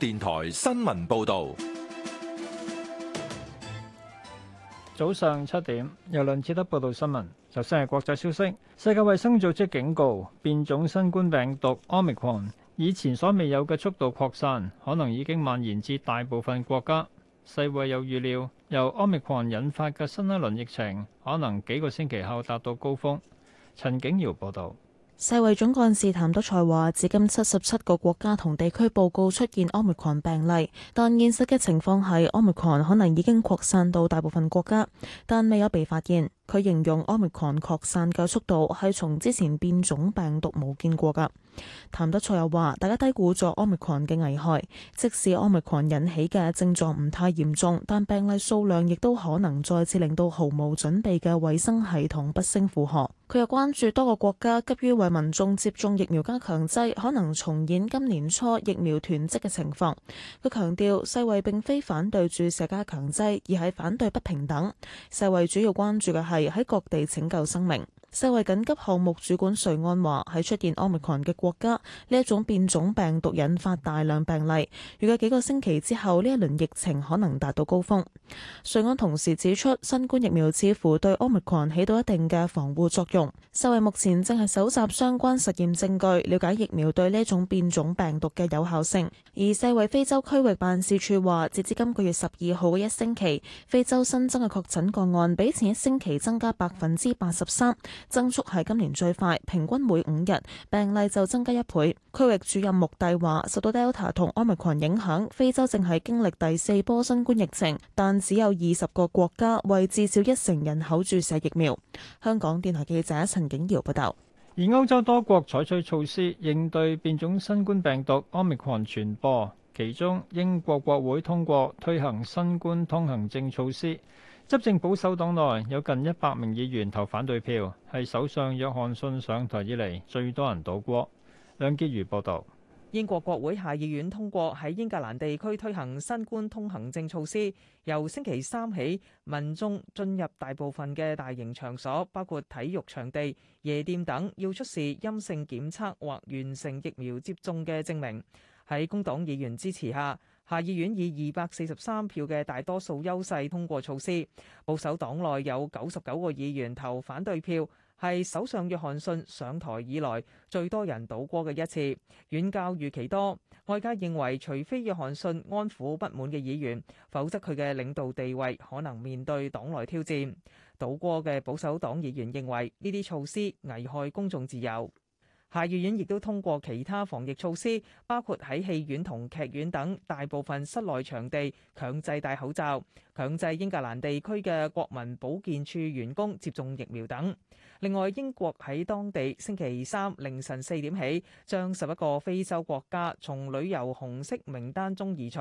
電台新聞報道，早上七點由梁次德報道新聞。首先係國際消息，世界衛生組織警告，變種新冠病毒 Omicron 以前所未有嘅速度擴散，可能已經蔓延至大部分國家。世衛又預料，由 Omicron 引發嘅新一輪疫情，可能幾個星期後達到高峰。陳景瑤報道。世衛總幹事譚德塞話，至今七十七個國家同地區報告出現奧密克戎病例，但現實嘅情況係，奧密克戎可能已經擴散到大部分國家，但未有被發現。佢形容奧密克戎擴散嘅速度係從之前變種病毒冇見過㗎。譚德塞又話大家低估咗奧密克戎嘅危害，即使奧密克戎引起嘅症狀唔太嚴重，但病例數量亦都可能再次令到毫無準備嘅衛生系統不勝負荷。佢又關注多個國家急於為民眾接種疫苗加強劑，可能重演今年初疫苗囤積嘅情況，佢強調世衛並非反對注射加強劑，而係反對不平等。世衛主要關注嘅係。喺各地拯救生命。世衛緊急項目主管瑞安話：喺出現奧密克戎嘅國家，呢一種變種病毒引發大量病例，預計幾個星期之後呢一輪疫情可能達到高峰。瑞安同時指出，新冠疫苗似乎對奧密克戎起到一定嘅防護作用。世衛目前正係搜集相關實驗證據，了解疫苗對呢種變種病毒嘅有效性。而世衛非洲區域辦事處話，截至今個月十二號嘅一星期，非洲新增嘅確診個案比前一星期增加百分之八十三。增速係今年最快，平均每五日病例就增加一倍。區域主任穆蒂話：受到 Delta 同奧密克戎影響，非洲正係經歷第四波新冠疫情，但只有二十個國家為至少一成人口注射疫苗。香港電台記者陳景瑤報道。而歐洲多國採取措施應對變種新冠病毒奧密克戎傳播，其中英國國會通過推行新冠通行證措施。執政保守黨內有近一百名議員投反對票，係首相約翰遜上台以嚟最多人倒戈。梁潔如報導，英國國會下議院通過喺英格蘭地區推行新冠通行證措施，由星期三起，民眾進入大部分嘅大型場所，包括體育場地、夜店等，要出示陰性檢測或完成疫苗接種嘅證明。喺工黨議員支持下，下議院以二百四十三票嘅大多數優勢通過措施，保守黨內有九十九個議員投反對票，係首相約翰遜上台以來最多人倒戈嘅一次，遠較預期多。外界認為，除非約翰遜安撫不滿嘅議員，否則佢嘅領導地位可能面對黨內挑戰。倒戈嘅保守黨議員認為呢啲措施危害公眾自由。下議院亦都通過其他防疫措施，包括喺戲院同劇院等大部分室內場地強制戴口罩。強制英格蘭地區嘅國民保健署員工接種疫苗等。另外，英國喺當地星期三凌晨四點起，將十一個非洲國家從旅遊紅色名單中移除。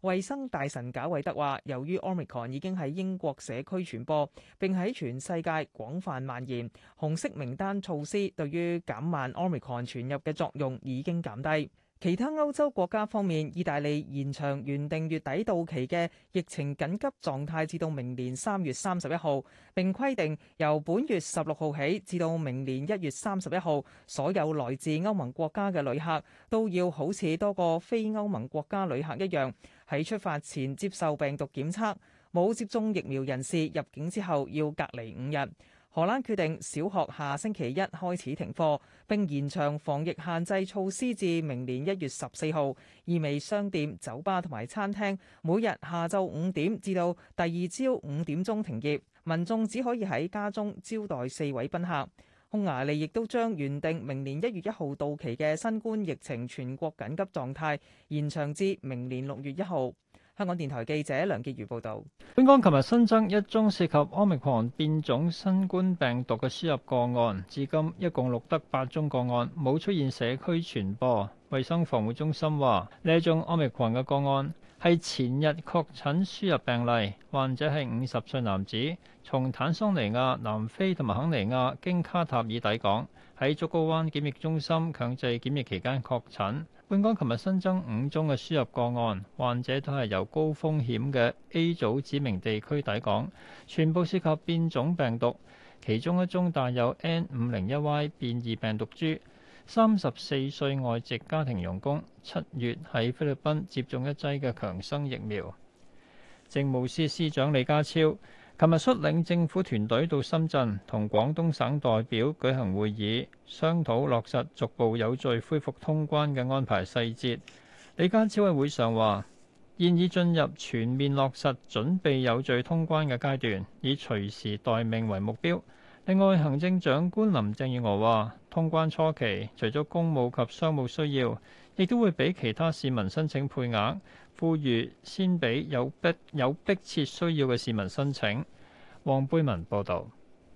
衛生大臣賈維德話：由於奧密克戎已經喺英國社區傳播，並喺全世界廣泛蔓延，紅色名單措施對於減慢奧密克戎傳入嘅作用已經減低。其他歐洲國家方面，意大利延長原定月底到期嘅疫情緊急狀態至到明年三月三十一號，並規定由本月十六號起至到明年一月三十一號，所有來自歐盟國家嘅旅客都要好似多個非歐盟國家旅客一樣，喺出發前接受病毒檢測，冇接種疫苗人士入境之後要隔離五日。荷蘭決定小學下星期一開始停課，並延長防疫限制措施至明年一月十四號。意味商店、酒吧同埋餐廳每日下晝五點至到第二朝五點鐘停業，民眾只可以喺家中招待四位賓客。匈牙利亦都將原定明年一月一號到期嘅新冠疫情全國緊急狀態延長至明年六月一號。香港電台記者梁潔如報道，本港琴日新增一宗涉及奧密克戎變種新冠病毒嘅輸入個案，至今一共錄得八宗個案，冇出現社區傳播。衛生防護中心話，呢一宗奧密克戎嘅個案。係前日確診輸入病例，患者係五十歲男子，從坦桑尼亞、南非同埋肯尼亞經卡塔爾抵港，喺竹篙灣檢疫中心強制檢疫期間確診。本港琴日新增五宗嘅輸入個案，患者都係由高風險嘅 A 組指明地區抵港，全部涉及變種病毒，其中一宗帶有 N 五零一 Y 變異病毒株。三十四歲外籍家庭傭工，七月喺菲律賓接種一劑嘅強生疫苗。政務司司長李家超琴日率領政府團隊到深圳，同廣東省代表舉行會議，商討落實逐步有序恢復通關嘅安排細節。李家超喺會上話：現已進入全面落實準備有序通關嘅階段，以隨時待命為目標。另外，行政長官林鄭月娥話，通關初期，除咗公務及商務需要，亦都會俾其他市民申請配額，呼籲先俾有，有迫有迫切需要嘅市民申請。黃貝文報導。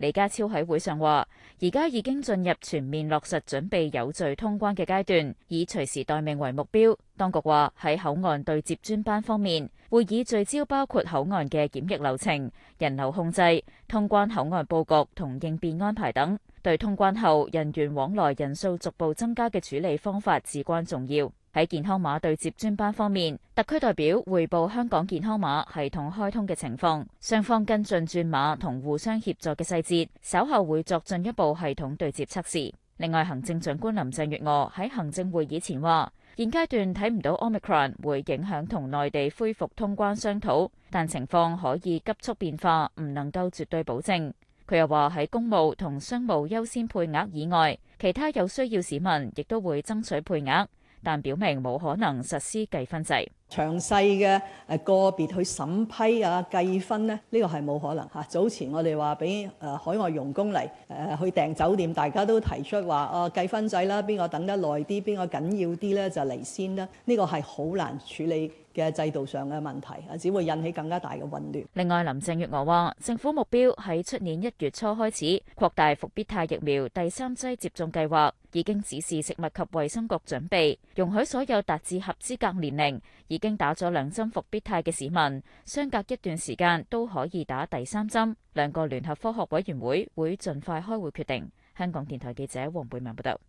李家超喺會上話，而家已經進入全面落實準備有序通關嘅階段，以隨時待命為目標。當局話喺口岸對接專班方面，會以聚焦包括口岸嘅檢疫流程、人流控制、通關口岸布局同應變安排等，對通關後人員往來人數逐步增加嘅處理方法至關重要。喺健康碼對接專班方面，特區代表匯報香港健康碼系統開通嘅情況，雙方跟進轉碼同互相協助嘅細節，稍後會作進一步系統對接測試。另外，行政長官林鄭月娥喺行政會議前話，現階段睇唔到 Omicron 會影響同內地恢復通關商討，但情況可以急速變化，唔能夠絕對保證。佢又話喺公務同商務優先配額以外，其他有需要市民亦都會爭取配額。但表明冇可能實施計分制。詳細嘅誒個別去審批啊，計分呢，呢個係冇可能嚇。早前我哋話俾誒海外傭工嚟誒去訂酒店，大家都提出話啊計分仔啦，邊個等得耐啲，邊個緊要啲咧就嚟先啦。呢個係好難處理嘅制度上嘅問題，只會引起更加大嘅混亂。另外，林鄭月娥話：政府目標喺出年一月初開始擴大復必泰疫苗第三劑接種計劃，已經指示食物及衛生局準備容許所有達至合資格年齡經打咗兩針伏必泰嘅市民，相隔一段時間都可以打第三針。兩個聯合科學委員會會盡快開會決定。香港電台記者黃貝文報道。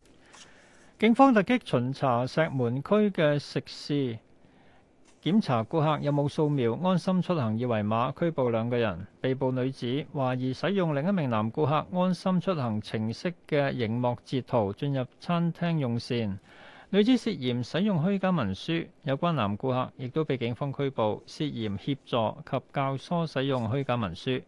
警方突擊巡查石門區嘅食肆，檢查顧客有冇掃描安心出行二維碼，拘捕兩個人。被捕女子懷疑使用另一名男顧客安心出行程式嘅熒幕截圖進入餐廳用膳。女子涉嫌使用虛假文書，有關男顧客亦都被警方拘捕，涉嫌協助及教唆使用虛假文書。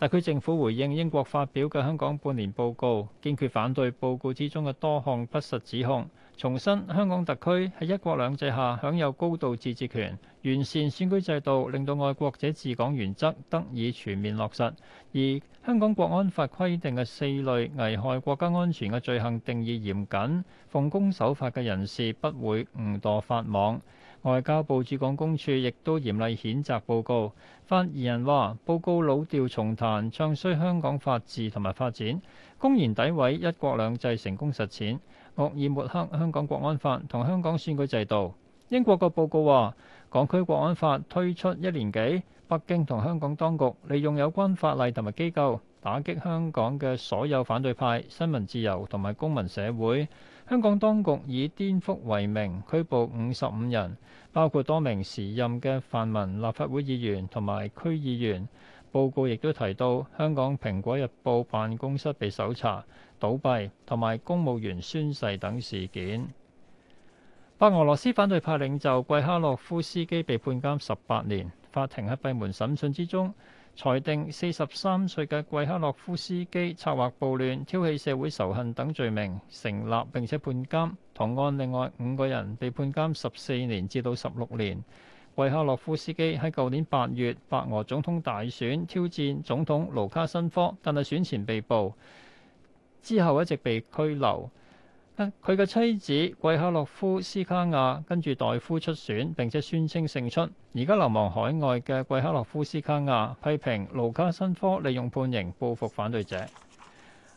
特區政府回應英國發表嘅香港半年報告，堅決反對報告之中嘅多項不實指控。重申香港特區喺一國兩制下享有高度自治權，完善選舉制度，令到愛國者治港原則得以全面落實。而香港國安法規定嘅四類危害國家安全嘅罪行定義嚴謹，奉公守法嘅人士不會誤墮法網。外交部駐港公署亦都嚴厲譴責報告。發言人話：報告老調重彈，唱衰香港法治同埋發展，公然詆毀一國兩制成功實踐。惡爾抹黑香港國安法同香港選舉制度。英國個報告話，港區國安法推出一年幾，北京同香港當局利用有關法例同埋機構打擊香港嘅所有反對派、新聞自由同埋公民社會。香港當局以顛覆為名拘捕五十五人，包括多名時任嘅泛民立法會議員同埋區議員。報告亦都提到香港《蘋果日報》辦公室被搜查、倒閉同埋公務員宣誓等事件。白俄羅斯反對派領袖季哈洛夫斯基被判監十八年。法庭喺閉門審訊之中裁定，四十三歲嘅季哈洛夫斯基策劃暴亂、挑起社會仇恨等罪名成立，並且判監。同案另外五個人被判監十四年至到十六年。季克洛夫斯基喺舊年八月白俄總統大選挑戰總統盧卡申科，但係選前被捕，之後一直被拘留。佢嘅妻子季克洛夫斯卡亞跟住代夫出選，並且宣稱勝出。而家流亡海外嘅季克洛夫斯卡亞批評盧卡申科利用判刑報復反對者。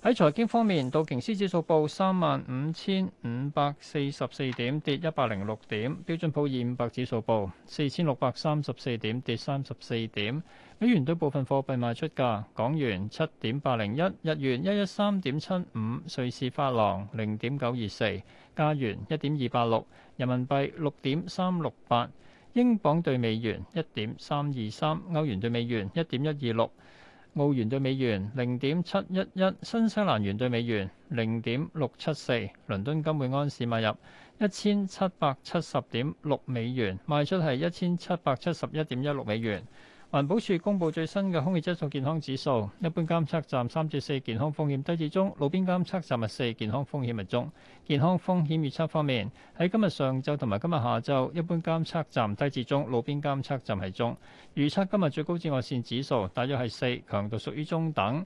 喺財經方面，道瓊斯指數報三萬五千五百四十四點，跌一百零六點；標準普爾五百指數報四千六百三十四點，跌三十四點。美元對部分貨幣賣出價：港元七點八零一，日元一一三點七五，瑞士法郎零點九二四，加元一點二八六，人民幣六點三六八，英鎊對美元一點三二三，歐元對美元一點一二六。澳元兌美元零點七一一，新西蘭元兌美元零點六七四，倫敦金每安士買入一千七百七十點六美元，賣出係一千七百七十一點一六美元。環保署公布最新嘅空氣質素健康指數，一般監測站三至四健康風險低至中，路邊監測站係四健康風險係中。健康風險預測方面，喺今日上晝同埋今日下晝，一般監測站低至中，路邊監測站係中。預測今日最高紫外線指數大約係四，強度屬於中等。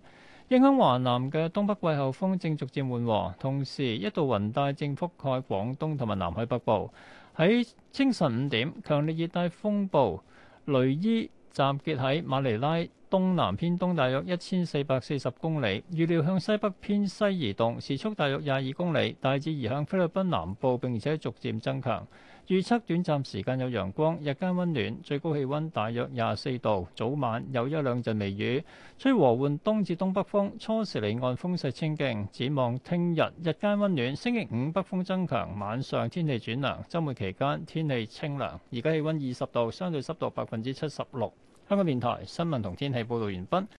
影響華南嘅東北季候風正逐漸緩和，同時一道雲帶正覆蓋廣東同埋南海北部。喺清晨五點，強烈熱帶風暴雷伊，集結喺馬尼拉東南偏東，大約一千四百四十公里。預料向西北偏西移動，時速大約廿二公里，大致移向菲律賓南部，並且逐漸增強。預測短暫時間有陽光，日間温暖，最高氣温大約廿四度。早晚有一兩陣微雨，吹和緩東至東北風。初時離岸風勢清勁。展望聽日日間温暖，星期五北風增強，晚上天氣轉涼。周末期間天氣清涼。而家氣温二十度，相對濕度百分之七十六。香港電台新聞同天氣報導完畢。